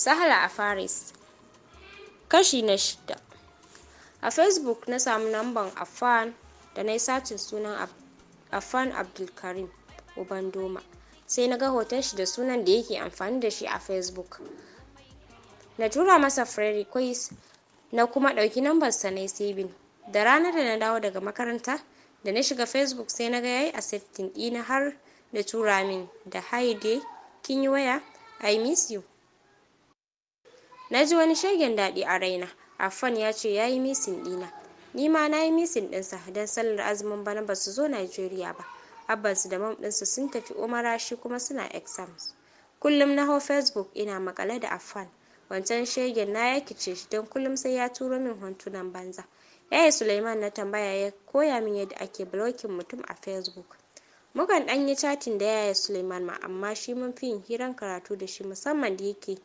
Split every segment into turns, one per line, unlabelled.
Sahla a Paris. Kashi na shida. A Facebook na samu namban Afan da na yi sacin sunan afan Abdulkarim Ubandoma. Sai na ga hoton shi da sunan da yake amfani da shi a Facebook. Na tura masa friend request na kuma ɗauki nambar sa na Da ranar da na dawo daga makaranta, da na shiga Facebook sai na ga yayi accepting ɗina har da tura min da hi kin yi waya, I miss you. na ji wani shegen daɗi a raina afan ya ce ya yi misin ɗina ni ma na yi misin ɗinsa don sallar azumin bana ba su zo najeriya ba abbansu da mam ɗinsu sun tafi umarashi kuma suna exams kullum na hau facebook ina makale da afan wancan shegen na ya kice shi don kullum sai ya turo min huntunan banza yaya suleiman na tambaya ya koya min yadda ake blocking mutum a facebook mukan ɗan yi chatting da yaya suleiman ma amma shi mun fi yin hiran karatu da shi musamman da yake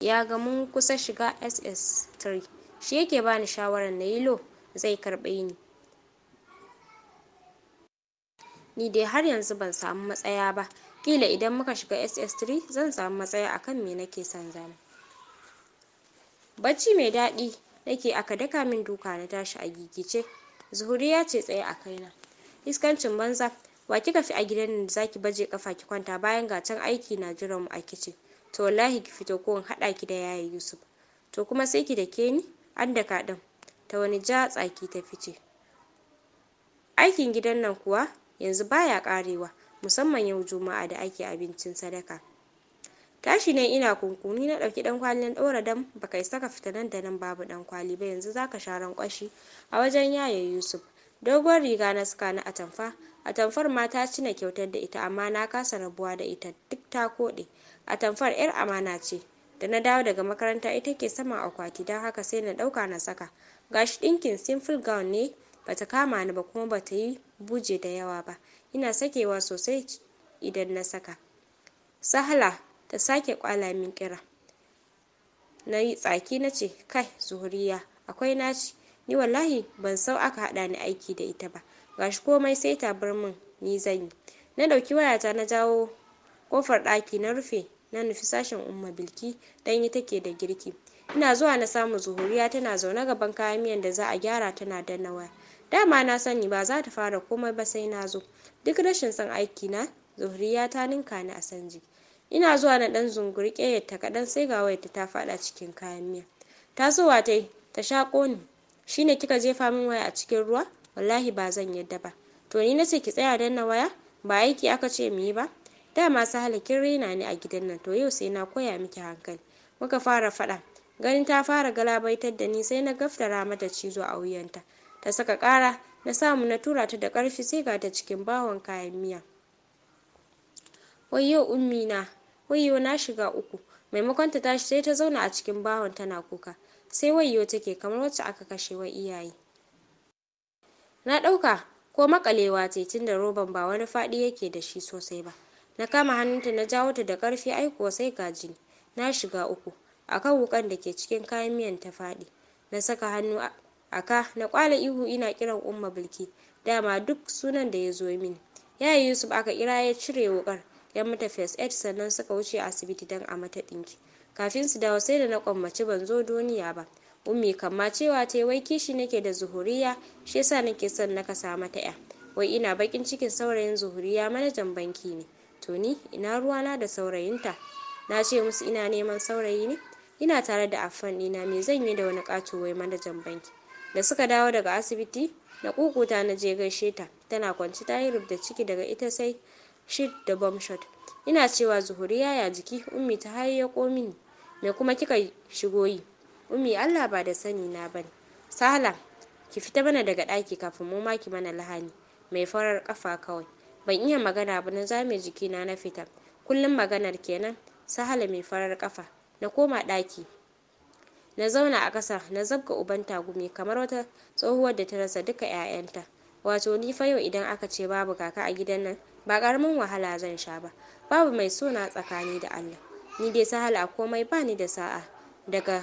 ya ga mun kusa shiga ss3 shi yake bani shawarar na yi lo zai karɓe ni ni dai har yanzu ban samu matsaya ba kila idan muka shiga ss3 zan samu matsaya akan me nake son zama bacci mai daɗi nake aka daka min duka na tashi a gigice zuhuriya ce tsaye a kaina iskancin banza wa kika fi a gidan da zaki baje kafa ki kwanta bayan ga aiki na jiran mu a kicin to wallahi ki fito ko in haɗa ki da yaya yusuf to kuma sai ki dake ni an daka ɗin ta wani ja tsaki ta fice aikin gidan nan kuwa yanzu baya ƙarewa musamman yau juma'a da ake abincin sadaka tashi ne ina kunkuni na ɗauki ɗan kwalin ɗora dam baka isa ka fita nan da nan babu ɗan kwali ba yanzu zaka sha ƙwashi a wajen yaye yusuf dogon riga na suka na atamfa atamfar ma ta cina kyautar da ita amma na kasa rabuwa da ita duk ta koɗe atamfar yar amana ce da na dawo daga makaranta ita ke saman akwati don haka sai na ɗauka na saka gashi ɗinkin simple gown ne bata kama ni ba kuma bata yi buje da yawa ba ina sakewa sosai idan na saka sahla ta sake kwala min kira na yi tsaki na ce kai zuhuriya akwai naci ni wallahi ban sau aka hada ni aiki da ita ba gashi komai sai ta bar min ni zan yi na ɗauki wayata na jawo kofar ɗaki na rufe na nufi sashen umma bilki dan yi take da girki ina zuwa na samu zuhuriya tana zaune gaban kayan miyan da za a gyara tana danna waya dama na sani ba za ta fara komai ba sai na zo duk rashin son aiki na zuhuriya ta ninka ni a san ina zuwa na ɗan zunguri ta kaɗan sai ga wayarta ta ta faɗa cikin kayan miya tasowa ta yi ta shaƙo ni shine kika jefa min waya a cikin ruwa wallahi ba zan yadda ba to ni na ce ki tsaya danna waya ba aiki aka ce mu yi ba dama masu kin raina ne a gidan nan to yau sai na koya miki hankali muka fara faɗa ganin ta fara galabaitar da ni sai na gaftara mata cizo a wuyanta ta saka ƙara na samu na tura ta da ƙarfi sai ga ta cikin bawon kayan miya wayyo ummi na wayyo na shiga uku maimakon ta tashi sai ta zauna a cikin bawon tana kuka sai wayyo take kamar wacce aka kashe wa iyaye na ɗauka ko makalewa ce tunda roban ba wani faɗi yake da shi sosai ba na kama hannunta na jawo ta da ƙarfi ai kuwa sai ga jini na shiga uku a kan wukan da ke cikin kayan miyan ta faɗi na saka hannu aka na kwala ihu ina kiran umma bilki dama duk sunan da ya zo mini yaya yusuf aka kira ya cire wukar ya mata first aid sannan suka wuce asibiti don a mata ɗinki kafin su dawo sai da na kwammaci ban zo duniya ba ummi kamma cewa ta wai kishi nake da zuhuriya shi yasa nake son naka kasa mata ya wai ina baƙin cikin saurayin zuhuriya manajan banki ne to ni ina ruwana da saurayinta na ce musu ina neman saurayi ne ina tare da affan dina me zan yi da wani ƙato wai manajan banki da suka dawo daga asibiti na kukuta na je gaishe ta tana kwance ta yi rubda ciki daga ita sai shit da shot ina cewa zuhuri yaya jiki ummi ta hayyako mini me kuma kika shigo yi ummi allah ba da sani na bane sahala ki fita mana daga ɗaki kafin mu ma ki mana lahani mai farar kafa kawai ban iya magana ba na zame jiki na na fita kullum maganar kenan sahala mai farar kafa na koma ɗaki na zauna a ƙasa na zabga uban tagumi kamar wata tsohuwar da ta rasa duka 'ya'yanta wato ni fa yau idan aka ce babu kaka a gidan nan ba ƙaramin wahala zan sha ba babu mai sona tsakani da allah ni dai sahala a komai ba ni da sa'a daga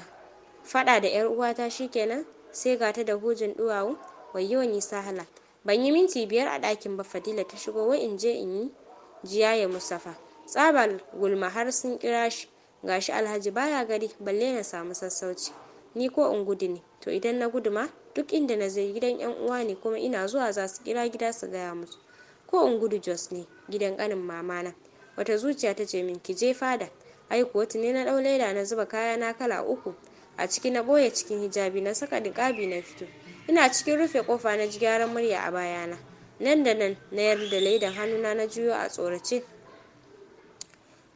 fada da 'yar uwata shikenan sai gata da hujin duwawu wayyo ni sahala ban yi minti biyar a ɗakin ba fadila ta shigo wai in je in yi jiya ya musafa tsabar gulma har sun kira shi gashi alhaji baya gari balle na samu sassauci ni ko in gudu ne to idan na gudu ma duk inda na zai gidan yan uwa ne kuma ina zuwa za su kira gida su gaya musu ko in gudu jos ne gidan kanin mamana wata zuciya ta ce min ki je fada ai kuwa tuni na ɗau leda na zuba kaya na kala uku a ciki na ɓoye cikin hijabi na saka niƙabi na fito ina cikin rufe kofa na ji gyaran murya a bayana nan da nan na yarda laidan hannuna na juyo a tsorace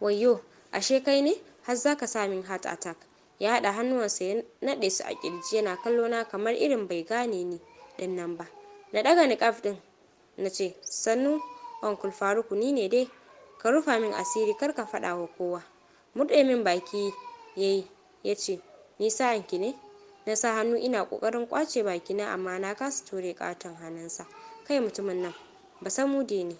wayyo ashe kai ne har zaka sa min heart attack ya haɗa hannuwansa ya naɗe su a kirji yana kallo na kamar irin bai gane ni din nan ba na ɗaga niƙaf ɗin na ce sannu uncle faruku ni ne dai ka rufa min asiri kar ka faɗa wa kowa murɗe min baki yayi ya ce ni sa'anki ne na sa hannu ina ƙoƙarin ƙwace bakina amma na kasa ture ƙaton hannunsa kai mutumin nan ba samude ne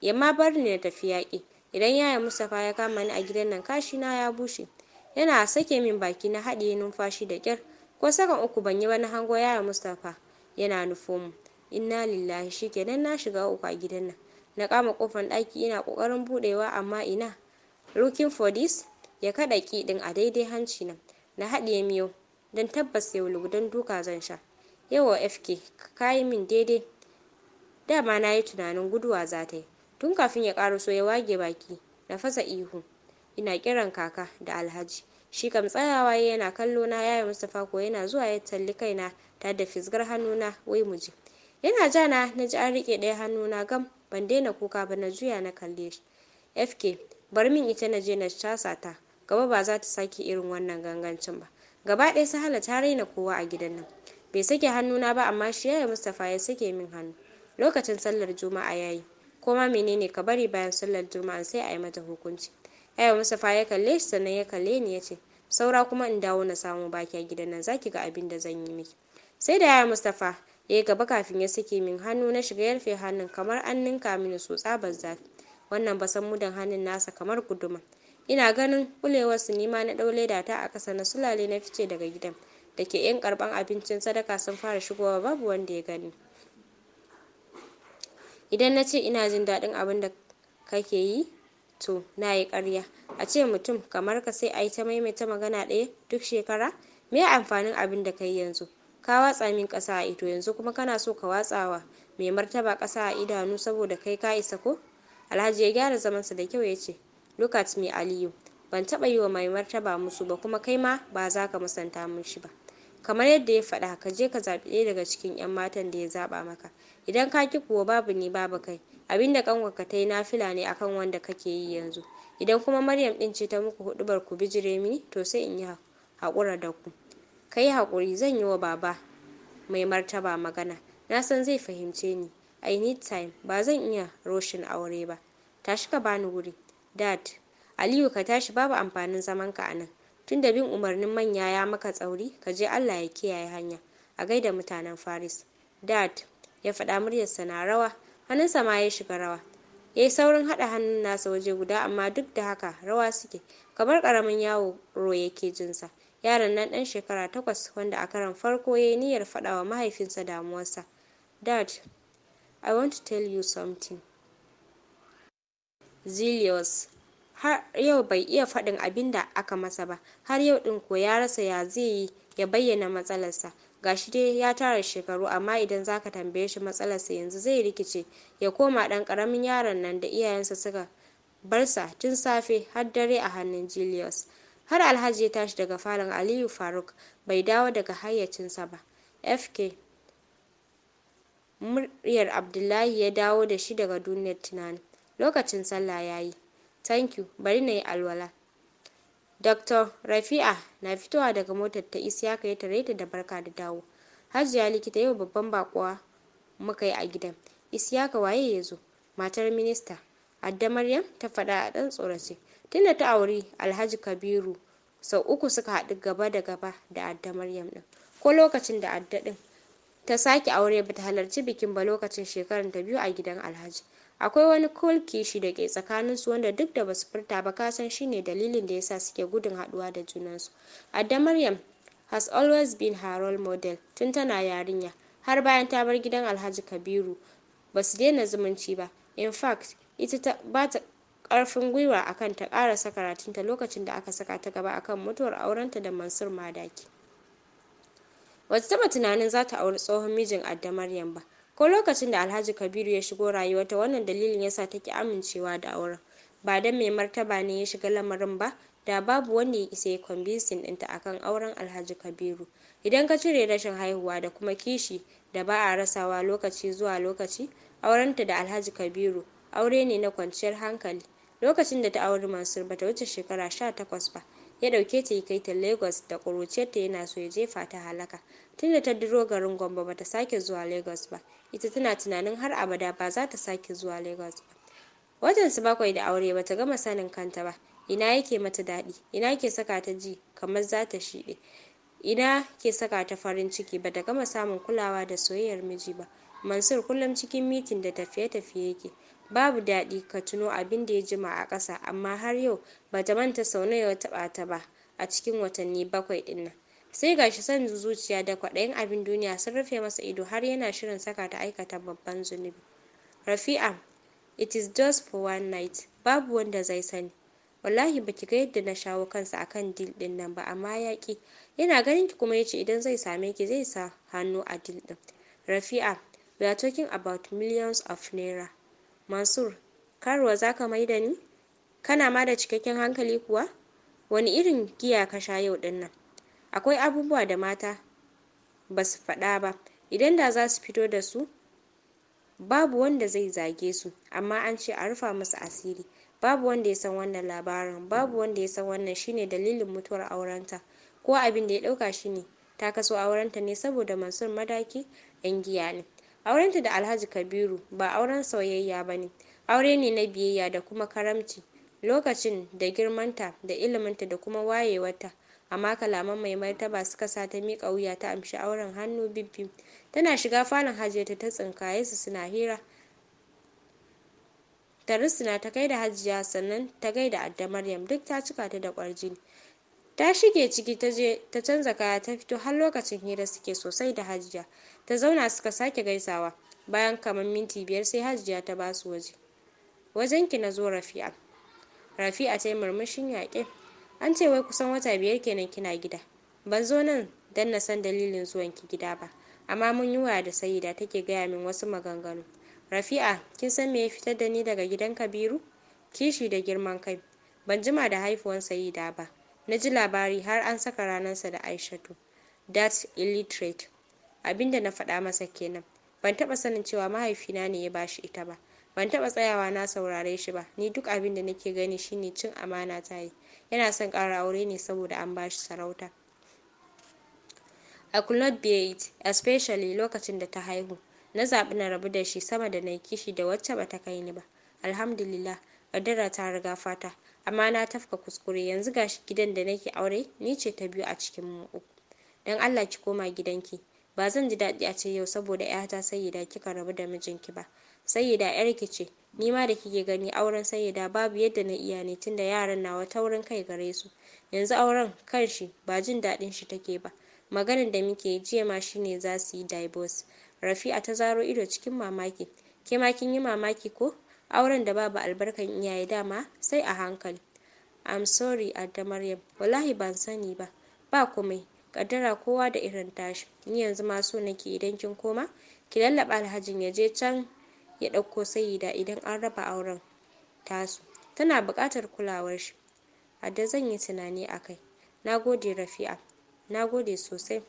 ya ma bar ni na tafi yaƙi idan yaya mustapha ya kama ni a gidan nan kashi na ya bushe yana sake min baki na haɗiye numfashi da ƙyar ko sakan uku ban yi na hango yaya mustapha yana nufo mu inna lillahi shikenan na shiga uku a gidan nan na kama kofar ɗaki ina ƙoƙarin buɗewa amma ina looking for this ya kaɗa kiɗin a daidai hanci na na haɗiye miyau. don tabbas yau lugudan duka zan sha yawa FK ka yi min daidai dama na yi tunanin guduwa za ta yi tun kafin ya ƙaraso ya wage baki na fasa ihu ina kiran kaka da alhaji shi kam tsayawa yana kallo na yaya mustapha ko yana zuwa ya talli kaina ta da fisgar hannuna wai mu je yana jana na ji an rike ɗaya hannuna gam ban daina kuka ba na juya na kalle shi fk bar min ita na je na casa ta gaba ba za ta sake irin wannan gangancin ba gaba ɗaya sahala ta raina kowa a gidan nan bai sake hannu na ba amma shi yaya mustapha ya sake min hannu lokacin sallar juma'a yayi koma menene ka bari bayan sallar juma'a sai a yi mata hukunci yaya mustapha ya kalle shi sannan ya kalle ni ya ce saura kuma in dawo na samu baki a gidan nan zaki ga abin da zan yi miki sai da yaya mustapha ya yi gaba kafin ya sake min hannu na shiga ya rufe hannun kamar an ninka mini so tsabar zafi wannan basan mudan hannun nasa kamar guduma ina ganin su nima na ɗau ta a ƙasa na sulale na fice daga gidan da ke 'yan karban abincin sadaka sun fara shigowa babu wanda ya gani idan na ce ina jin daɗin abin da kake yi to na yi ƙarya a ce mutum kamar ka sai a yi ta maimaita magana ɗaya duk shekara me amfanin abin da ka yi yanzu ka watsa min ƙasa a ito yanzu kuma kana so ka watsa wa mai martaba ƙasa a idanu saboda kai ka isa ko alhaji ya gyara zamansa da kyau ya ce look at me aliyu ban taɓa yi wa mai martaba musu ba kuma kai ma ba za ka musanta mun shi ba kamar yadda ya faɗa ka je ka zaɓi ɗaya daga cikin 'yan matan da ya zaɓa maka idan ka ki kuwa babu ni babu kai abin da ƙanwarka ta yi nafila ne akan wanda kake yi yanzu idan kuma maryam ɗin ce ta muku huɗubar ku bijire mini to sai in yi haƙura da ku ka yi haƙuri zan yi wa baba mai martaba magana na san zai fahimce ni i need time ba zan iya roshin aure ba tashi ka bani wuri Dad, Aliyu ka tashi babu amfanin zaman ka anan. nan. Tunda bin umarnin manya ya maka tsauri, ka je Allah ya kiyaye hanya. A gaida mutanen Faris. Dad, ya faɗa muryarsa na rawa, hannunsa ma ya shiga rawa. Ya yi saurin haɗa hannun nasa waje guda amma duk da haka rawa suke, kamar ƙaramin yaro yake jinsa. Yaron nan ɗan shekara takwas wanda a karon farko ya yi niyyar faɗa wa mahaifinsa damuwarsa. Dad, I want to tell you something. Cecilius har yau bai iya faɗin abin da aka masa ba, har yau ɗin ko ya rasa ya zai yi ya bayyana matsalarsa. Ga shi dai ya tara shekaru amma idan za ka tambaye shi matsalarsa yanzu zai rikice ya koma ɗan ƙaramin yaron nan da iyayensa suka barsa tun safe har dare a hannun Julius. Har Alhaji ya tashi daga falon Aliyu Faruk bai dawo daga hayyacinsa ba. FK muryar Abdullahi ya dawo da shi daga duniyar tunani. lokacin sallah yayi thank you bari na yi alwala Dr. Rafi'a na fitowa daga motar ta Isiyaka ya tare ta da barka da dawo. Hajiya likita yau babban bakuwa muka yi a gidan. Isiyaka waye ya zo? Matar minista. Adda Maryam ta faɗa a ɗan tsorace. Tunda ta auri Alhaji Kabiru sau uku suka haɗu gaba da gaba da Adda Maryam ɗin. Ko lokacin da Adda ɗin ta sake aure bata halarci bikin ba lokacin shekaranta ta biyu a gidan Alhaji. akwai wani cool kishi da ke su wanda duk da basu furta ba kasan shine dalilin da yasa suke gudun haduwa da junansu adda maryam has always been her role model tun tana yarinya har bayan ta bar gidan alhaji kabiru basu daina zumunci ba in fact ita ta bata karfin gwiwa akan ta karatun ta lokacin da aka saka ta gaba akan mutuwar aurenta da mansur madaki bata taba tunanin zata auri tsohon mijin adda maryam ba ko lokacin da alhaji kabiru ya shigo rayuwarta wannan dalilin yasa ta amincewa da auren ba dan mai martaba ne ya shiga lamarin ba da babu wanda ya isa ya convincing ɗinta akan auren alhaji kabiru idan ka cire rashin haihuwa da kuma kishi da ba a rasawa lokaci zuwa lokaci aurenta da alhaji kabiru aure ne na kwanciyar hankali lokacin da ta auri mansur bata wuce shekara sha takwas ba ya dauke ta yi kai ta Lagos da ta yana so ya jefa ta halaka tunda ta diro garin Gombe bata sake zuwa Lagos ba ita tana tunanin har abada ba za ta sake zuwa Lagos ba watan su bakwai da aure bata gama sanin kanta ba ina yake mata daɗi ina ke saka ta ji kamar za ta shiɗe ina ke saka ta farin ciki bata gama samun kulawa da soyayyar miji ba Mansur kullum cikin mitin da tafiye-tafiye yake Babu daɗi ka tuno abin da ya jima a ƙasa amma har yau ba ta manta sau nawa ya taɓa ta ba a cikin watanni bakwai ɗin nan. Sai gashi son zuciya da kwaɗayin abin duniya sun rufe masa ido har yana shirin saka ta aikata babban zunubi. Rafi'a, it is just for one night, babu wanda zai sani. Wallahi baki ga yadda na shawo kansa akan dil din nan ba amma ya Yana ganin ki kuma yace idan zai same ki zai sa hannu a dil din. Rafi'a, we are talking about millions of naira. Mansur, karuwa za ka mai da ni? Kana ma da cikakken hankali kuwa? Wani irin giya ka sha yau ɗin nan? Akwai abubuwa da mata ba su faɗa ba, idan da za su fito da su, babu wanda zai zage su, amma an ce a rufa musu asiri. Babu wanda ya san wannan labarin, babu wanda ya san wannan shine dalilin mutuwar aurenta, ko abin da ya ɗauka shine ta kaso aurenta ne saboda Mansur Madaki yan giya ne. aurenta da alhaji kabiru ba auren soyayya ba ne aure ne na biyayya da kuma karamci lokacin da girmanta da iliminta da kuma wayewarta amma kalaman mai martaba suka sa ta miƙa wuya ta amshi auren hannu bibbi tana shiga falon hajiyarta ta tsinkaye su suna hira ta kai ta gaida hajiya sannan ta gaida adda maryam duk ta cika ta da kwarjini ta shige ciki ta je ta canza kaya ta fito har lokacin hira suke sosai da hajiya ta zauna suka sake gaisawa bayan kamar minti biyar sai hajiya ta basu waje wajen ki na zo rafi'a rafi'a ta yi murmushin yaƙe an ce wai kusan wata biyar kenan kina gida ban zo nan don na san dalilin zuwan ki gida ba amma mun yi waya da sayida take gaya min wasu maganganu rafi'a kin san me ya fitar da ni daga gidan kabiru kishi da girman kai ban jima da haifuwan sayida ba Na ji labari har an saka ranarsa da Aishatu. That's illiterate. Abinda na faɗa masa kenan. Ban taɓa sanin cewa mahaifina ne ya bashi ita ba. Ban taɓa tsayawa na saurare shi ba. Ni duk abin da nake gani shine cin amana ta yi. Yana son ƙara aure ne saboda an ba shi sarauta. I could not bear it, especially lokacin da ta haihu. Na zaɓi na rabu da shi sama da na kishi da wacce ba ta kai ni ba. Alhamdulillah, ƙaddara ta riga fata. amma na tafka kuskure yanzu gashi gidan da nake aure ni ce ta biyu a cikin mu uku dan Allah ki koma gidanki ba zan ji daɗi a ce yau saboda ƴata sayyida kika rabu da mijinki ba sayyida yarki ce ni ma da kike gani auren sayyida babu yadda na iya ne tunda yaran nawa taurin kai gare su yanzu auren kanshi ba jin daɗin shi take ba maganin da muke jiya ma shine za su yi divorce rafi'a ta zaro ido cikin mamaki ke ma kin yi mamaki ko auren da babu albarkan iyaye dama sai a hankali i'm sorry adda maryam wallahi ban sani ba ba komai kaddara kowa da irin tashi ni yanzu ma so nake idan kin koma ki lallaba alhajin ya je can ya ɗauko sayida idan an raba auren tasu tana buƙatar kulawar shi adda zan yi tunani a kai na gode rafi'a na gode sosai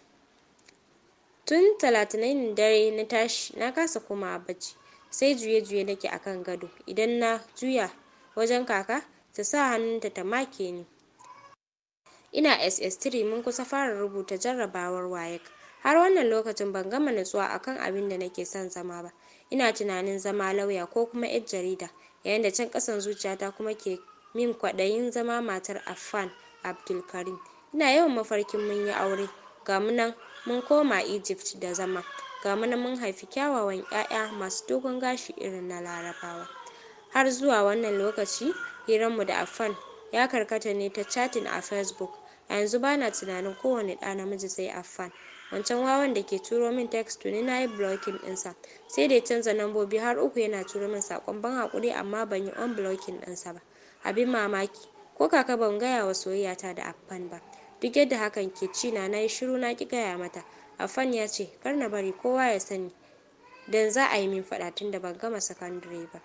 tun talatinin dare na tashi na kasa komawa bacci sai juye-juye nake akan gado idan na juya wajen kaka ta sa hannunta ta make ni ina ss3 mun kusa fara rubuta jarrabawar wayek har wannan lokacin ban gama natsuwa akan abin da nake son zama ba ina tunanin zama lauya ko kuma yar jarida yayin da can kasan zuciyata kuma ke min kwaɗayin zama matar afan abdulkarim ina yawan mafarkin mun yi aure ga mu nan mun koma egypt da zama ga mu nan mun haifi kyawawan ƴaƴa masu dogon gashi irin na larabawa har zuwa wannan lokaci mu da Affan ya karkata ne ta chatting a Facebook a yanzu bana tunanin kowane ɗa namiji sai Affan wancan wawan da ke turo min text tuni na yi blocking ɗinsa sai da ya canza lambobi har uku yana turo min saƙon ban haƙuri amma ban yi unblocking ɗinsa ba abin mamaki ko kaka ban gaya wa soyayyata da Affan ba duk yadda hakan ke ci na nayi shiru na ki gaya mata Affan ya ce, "Kar na bari kowa ya sani, don za a yi min faɗa tunda ban gama sakandare ba.